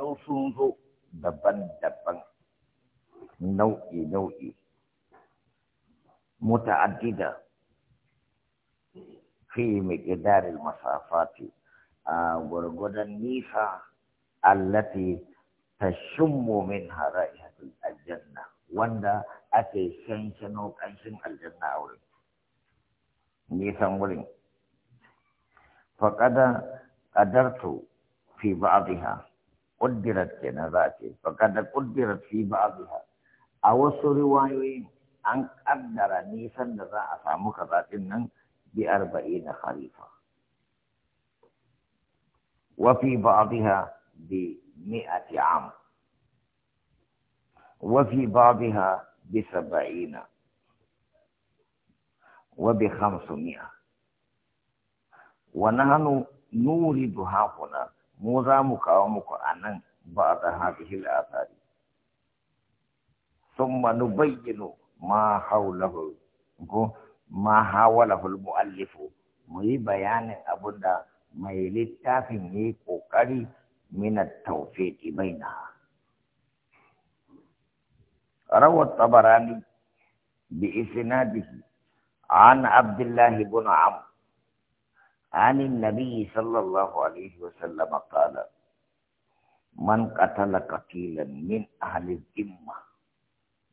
أو sun zo daban نوئي نوئي متعددة في مقدار المسافات ورغدا النيسا التي تشم منها رائحة الجنة واندا أتي شنشنو كنشن الجنة أولي نيسا ولي فقد قدرت في بعضها قدرت كنا ذاتي فقد قدرت في بعضها أوس روايوي أن قدر نيسا نزا أسامك ذاتنا بأربعين خليفه وفي بعضها 100 عام وفي بعضها بسبعين وبخمسمائة ونحن نورد هنا mu za mu kawo muku a nan ba da hadihil asari ثم نبين ما حوله ما حاوله المؤلف muyi bayanin abun da mai littafin yi min mina tawfiq baina rawar tabarani bi isnadihi an abdullahi bin amr عن النبي صلى الله عليه وسلم قال من قتل قتيلا من أهل الذمة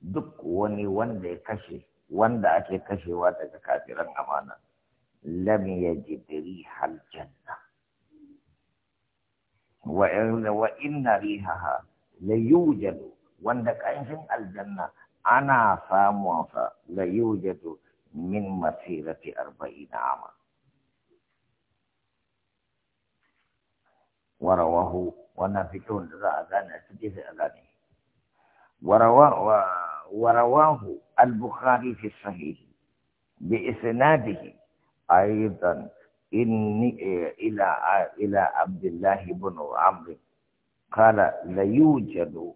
دك وني وندي كشي وندا أكي كشي واتك كافرا أمانا لم يجد ريح الجنة وإن ريحها ليوجد وندا كأنشم الجنة أنا فاموسا ليوجد من مسيرة 40 عاماً ورواه وانا فيكون رأغان أتجيز ورواه, البخاري في الصحيح بإسناده أيضا إني إلى إلى عبد الله بن عمرو قال يوجد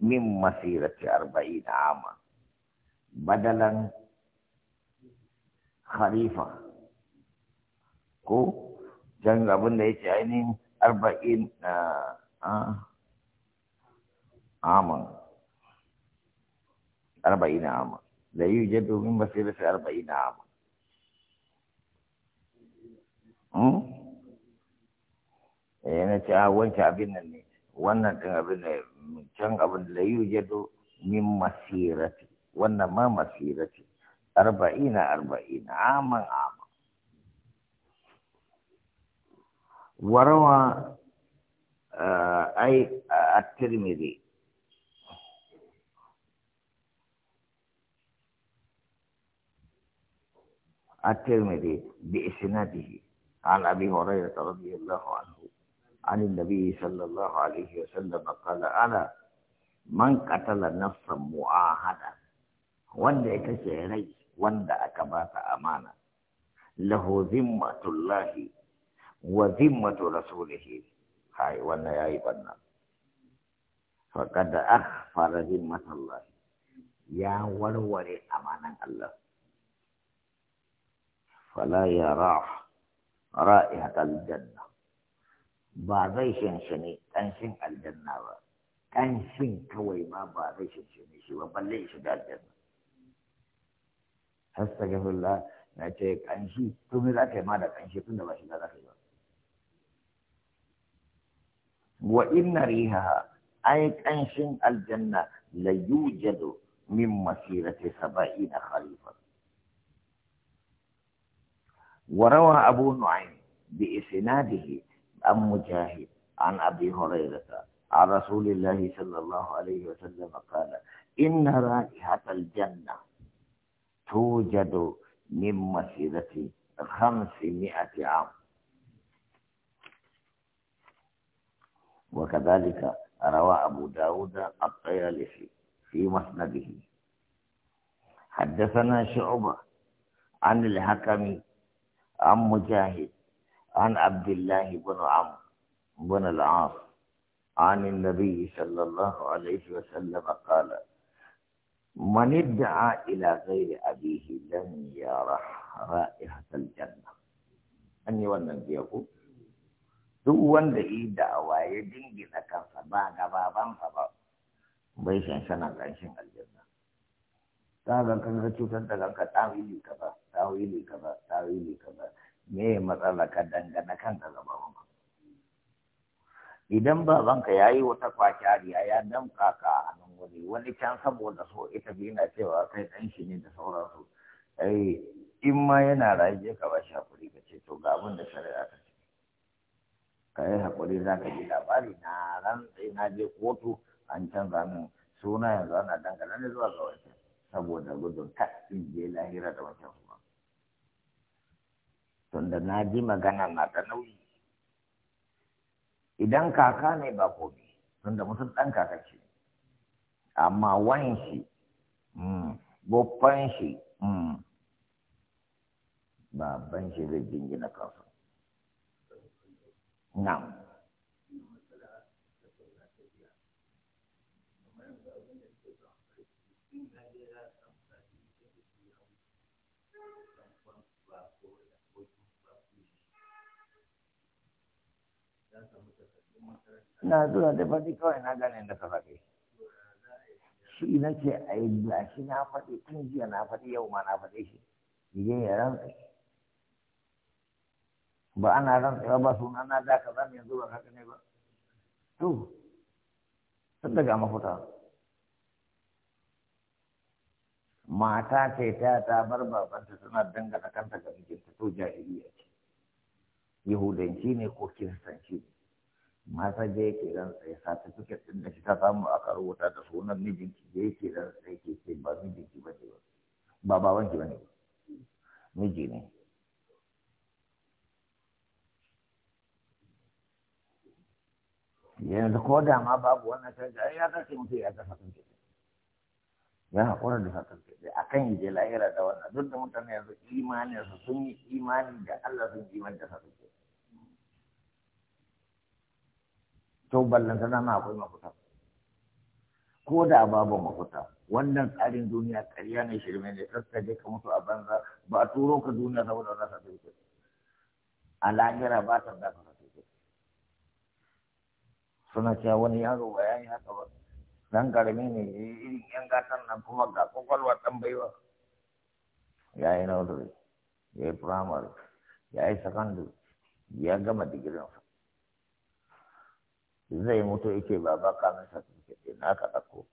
من مسيرة أربعين عاما بدلا خليفة كو جنب abin da arba'in aman arba'in aman la yujadu min masirati arba'in aman hmm yana na ce wancan abin nan ne wannan din abin ne can abin la do min masirati wannan ma masirati arba'ina arba'ina aman aman وروى آه، أي آه، الترمذي الترمذي بإسناده عن أبي هريرة رضي الله عنه عن النبي صلى الله عليه وسلم قال أنا من قتل نفسا معاهدا wanda ita ce أكبات أمانا له ذمة الله وذمة رسوله هاي وانا يا ايبنا فقد أخفر ذمة الله يا ولور أمانا الله فلا يرى رائحة الجنة بعد شن شني تنشن الجنة تنشن كوي ما بعد شن شني شو بليش دا الجنة هستغفر الله نأتيك أنشي تمي لك ما دا أنشي تمي لك ما وإن ريحها أي كنشن الجنة ليوجد من مسيرة سبعين خريفا وروى أبو نعيم بإسناده عن مجاهد عن أبي هريرة عن رسول الله صلى الله عليه وسلم قال إن رائحة الجنة توجد من مسيرة خمسمائة عام وكذلك روى أبو داود الطيالسي في مسنده حدثنا شعبة عن الحكم عن مجاهد عن عبد الله بن عمرو بن العاص عن النبي صلى الله عليه وسلم قال من ادعى إلى غير أبيه لن يرى رائحة الجنة أني والنبي يقول duk wanda yi da'awa ya jingina kansa ba gaba bansa ba bai shanshana ƙanshin aljanna ta ga cutar da kanka tawili ta tawili kaza ka ba me matsala ka dangana kanka baban ka idan babanka ya yi wata kwakyariya ya damka ka a nan wani wani can saboda so ita bi na cewa kai ɗan shi ne da sauransu ai in ma yana raje ka ba shi hakuri ka ce to ga abin da shari'a ta ka yi haƙuri za ka ji labari na sai na je kotu an canza min suna yanzu ana dangana ne zuwa ga wancan saboda gudun ta in je lahira da wancan kuma tunda na ji magana na da nauyi idan kaka ne ba komi tunda mutum ɗan kaka ce amma wanshi babban shi mm, mm, baban shi zai jingina kansa na'am na zuwa da faɗi kawai na gane da ka faɗi shi na ce a yi gashi na faɗi tun jiya na faɗi yau ma na faɗi shi yaje ya rantsa ba ana rantsewa ba suna na da ka zan yanzu ba haka ne ba to sun daga mafuta mata ce ta ta bar babanta suna dangana kanta ga mijinta to jahiliya ce yahudanci ne ko kiristanci ne mata je yake ran tsaye certificate din da shi ta samu aka rubuta da sunan mijinki je yake ran tsaye ke ce ba mijinki ba ne ba ba babanki ba ne miji ne yanzu ko da ma babu wannan canji ai ya kace mutum ya kasa kan kiɗi ya haƙura da sakan kiɗi a kan yaje lahira da wannan duk da mutane yanzu imanin su sun yi imani da Allah sun yi imani da sakan kiɗi to ballanta na ma akwai mafita ko da babu mafita wannan tsarin duniya ƙarya ne shirme ne tsakka je ka mutu a banza ba a turo ka duniya saboda wannan sakan kiɗi a lahira ba ta da suna cewa wani yaro ba ya yi haka ba dan karami ne irin yan gatan nan kuma ga kwakwalwa dan baiwa ya yi nursery ya yi primary ya yi secondary ya gama digirinsa zai mutu yake baba kamin certificate na ka ɗauko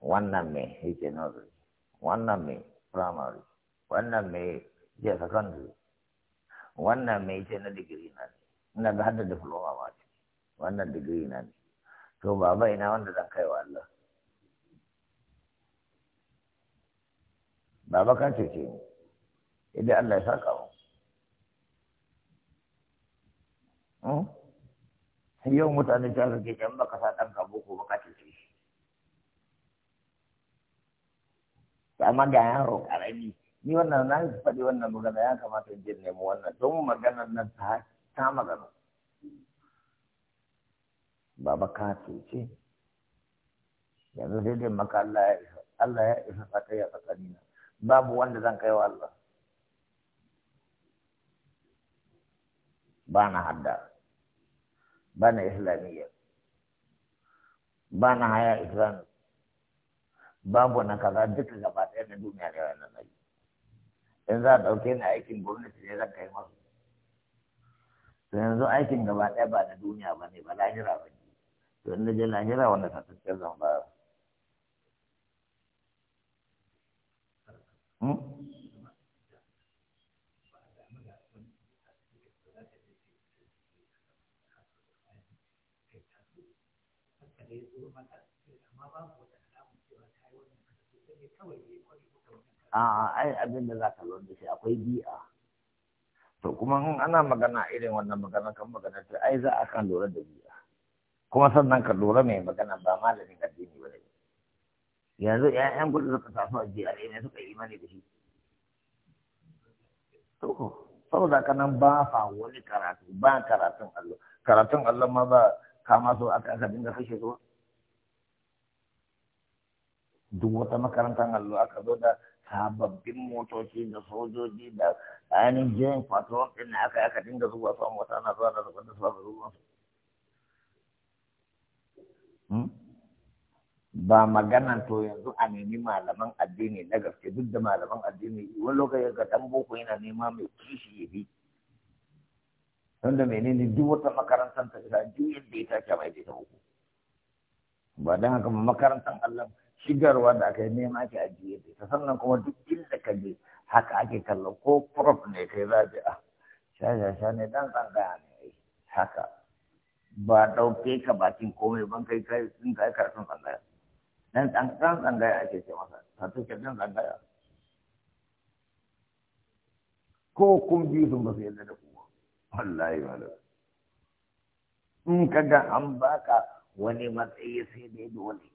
wannan mai yake nursery wannan mai primary wannan mai yake secondary wannan mai yake na digiri na ne ina ga hada diploma ma ce wannan digiri na ne to baba ina wanda zan kai wa Allah baba kan cece ni idan Allah ya saka mu hmm? yau mutane ta suke can baka sa ɗan ka boko baka cece shi amma ga yaro ƙarami ni wannan na faɗi wannan magana ya kamata in je nemo wannan don maganar nan ta magana baba ka cece yanzu sai dai maka Allah ya isa Allah ya isa tsakai a tsakanina babu wanda zan kai wa Allah ba na hadda ba na islamiyya ba na haya Islam babu na kaza duka gaba ɗaya na duniya da yawan nan in za a ɗauke ni aikin gwamnati ne zan kai masu yanzu aikin gaba ɗaya ba na duniya ba ne ba lahira ba ne to in je lahira wannan tataccen zama bayar hmm? A'a, ai abin da za ka da shi akwai bi'a. To kuma in ana magana irin wannan magana kan magana ta ai za a kan lura da bi'a. kuma sannan ka lura mai magana ba malamin addini ba ne yanzu ƴaƴan gudu suka taso a jiya ne suka yi mani da shi to saboda ka nan ba fa wani karatu ba karatun Allah karatun Allah ma ba kama so aka aka dinga kashe su duk wata makarantar allo aka zo da sababbin motoci da sojoji da ainihin jiyan patron ɗin aka aka dinga zuwa su wata na zuwa da zuwa da zuwa Hmm? ba magana to yanzu a nemi malaman addini na gaske duk da malaman addini wani lokacin ga boko yana nema mai kishi ya bi da menene duk wata makarantar ta shiga duk yadda ya tace mai da uku ba dan haka makarantar Allah shigarwa da aka yi nema ake ajiye da ta sannan kuma duk inda ka je haka ake kallon ko prof ne kai za a ah, sha sha sha ne dan tsangaya ne haka ba ɗauke ka bakin komai ban kai kai sun kai karatun tsangaya dan tsangaya tsangaya ake ce masa karatun kirkin tsangaya ko kun biyu sun ba su yadda da kuma wallahi malam in ka ga an baka wani matsayi sai dai wani.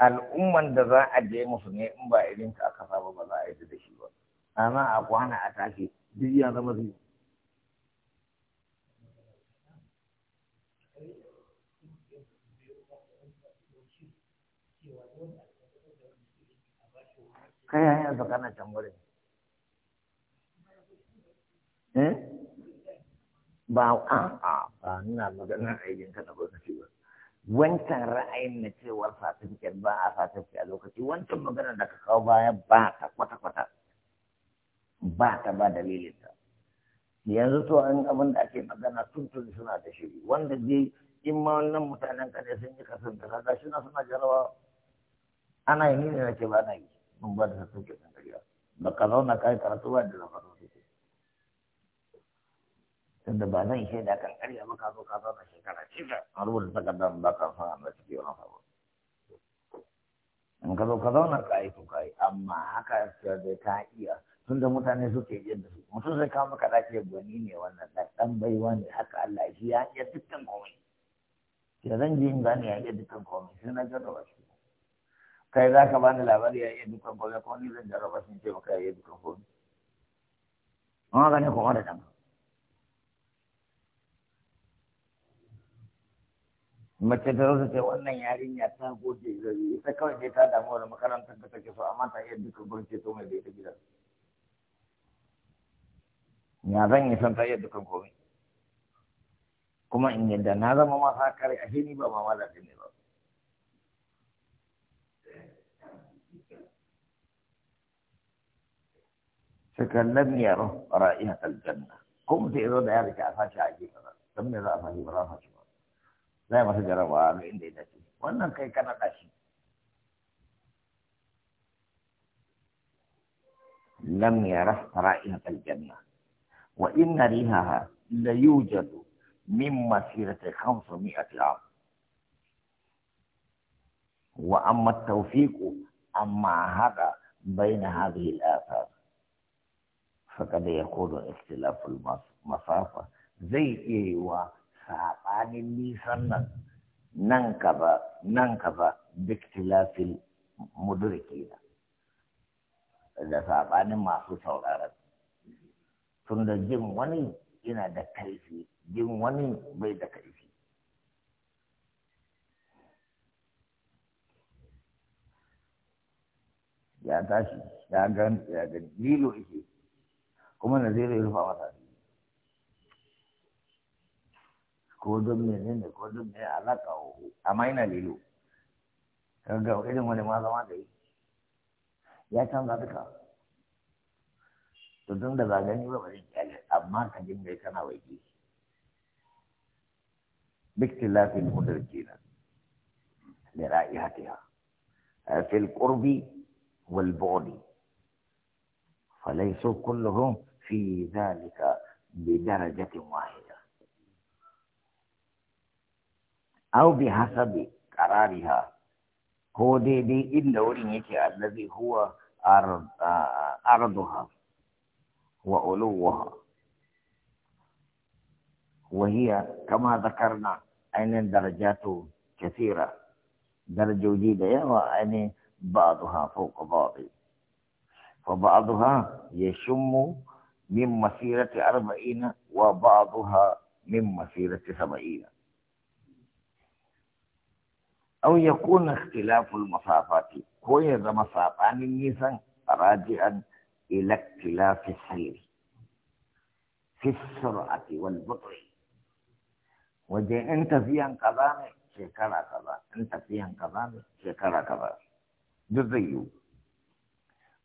al'umman da za a je musu ne in ba irin ka aka saba ba za a yi da shi ba amma a kwana a tashi duk ya zama zai kai ya da na can wurin eh? ba a a ba nuna maganar aikin ka na gwamnati ba wancan ra'ayin na cewar satifiket ba a satifiket lokaci wancan maganar da ka kawo baya ba ta kwata-kwata ba ta ba dalilinta yanzu to an abin da ake magana tuntun suna da shiri wanda dai in ma wannan mutanen ka ne sun yi kasanta, kaga shi suna jarawa ana yi ne na ce ba na yi membuat satu da beliau. kan nak kaya ka zauna ka yi karatu ba da yang sauke ce tunda ba zan kalau nak karya ba ka zo ka zauna shekara shida a rubuta takardar ba da ciki wani kaya in ka ka amma haka sudah kaya. iya muda mutane suke jin da su mutum sai kawo maka dace gwani ne wannan dan dan baiwa ne haka Allah ya iya dukkan komai sai zan ji in gane iya dukkan sai na kai za ka bani labari ya iya dukkan komai kuma ni zan jarraba sun ce maka ya iya dukan komai An ga ne kuma da ɗan mace ta rasa ce wannan yarinya ta goge zari ita kawai ne ta damu da makarantar da take so amma ta iya dukan komai ce to mai da ita gidan ya zan yi san ta iya dukan komai kuma in yadda na zama masa kare ashe ni ba mama da ne ba فكان لم يره رائحة الجنة قم في ذلك أفاشا عجيبا لم يرى أفاشي ولا أفاشي لا ما تجرى وعلى إن دي نسي وأنا كي كان أشي لم يره رائحة الجنة وإن ريحها ليوجد من مسيرة خمسمائة عام وأما التوفيق أما هذا بين هذه الآثار faƙada ya kodo ikhtilaful masafa zai iya yi wa saɓanin nisan nan nan ka ba nan kaza biktilafil mudurki da saɓanin masu sauraron tun da jin wani yana da kaifi jin wani bai da kaifi ya tashi ya gan ya gan lilo ike kuma naziru ya rufa masa ko don mene ne ko don mene alaka amma yana lilo kaga irin wani ma zama da yi ya canza duka to tun da ba gani ba bari kyale amma ka dinga kana waje biktilafin mudar kenan da ra'ihatiha fil qurbi wal bu'di falaysu kulluhum في ذلك بدرجة واحدة أو بحسب قرارها هو دي دي إلا ورينيكي الذي هو أرضها وعلوها وهي كما ذكرنا أين درجات كثيرة درجة جديدة وأين بعضها فوق بعض فبعضها يشم من مسيرة أربعين وبعضها من مسيرة سبعين أو يكون اختلاف المسافات كوية مسافان النساء راجعا إلى اختلاف السير في السرعة والبطء وجه أنت في كذا شكرا كذا أنت في كذا شكرا كذا جزيو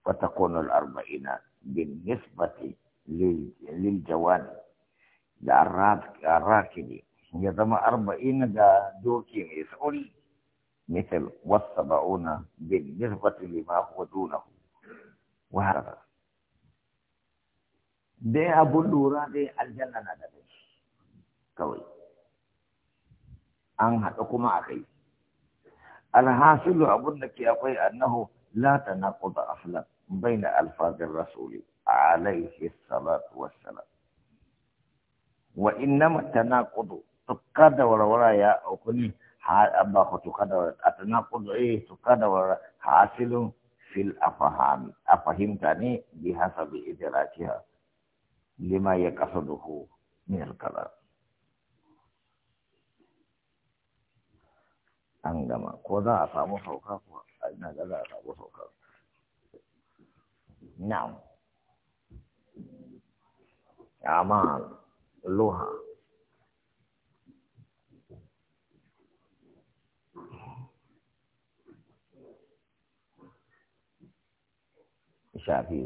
وتكون الأربعين بالنسبة للجوال الراكبي يضم أربعين دوكي كيميسول مثل والسبعون بالنسبة لما هو دونه وهذا دي أبو النورة دي الجنة ندبي كوي أنها تقوم أخي الحاصل أبو النكي أخي أنه لا تناقض أخلاق بين ألفاظ الرسول عليه الصلاة والسلام وإنما التناقض تقدر ورايا أو كني أباخ ولا التناقض إيه ولا حاصل في الأفهام تاني بحسب إدراكها لما يقصده من الكلام an كذا أسامو سوكا أنا كذا أسامو سوكا نعم ga amal luha shafi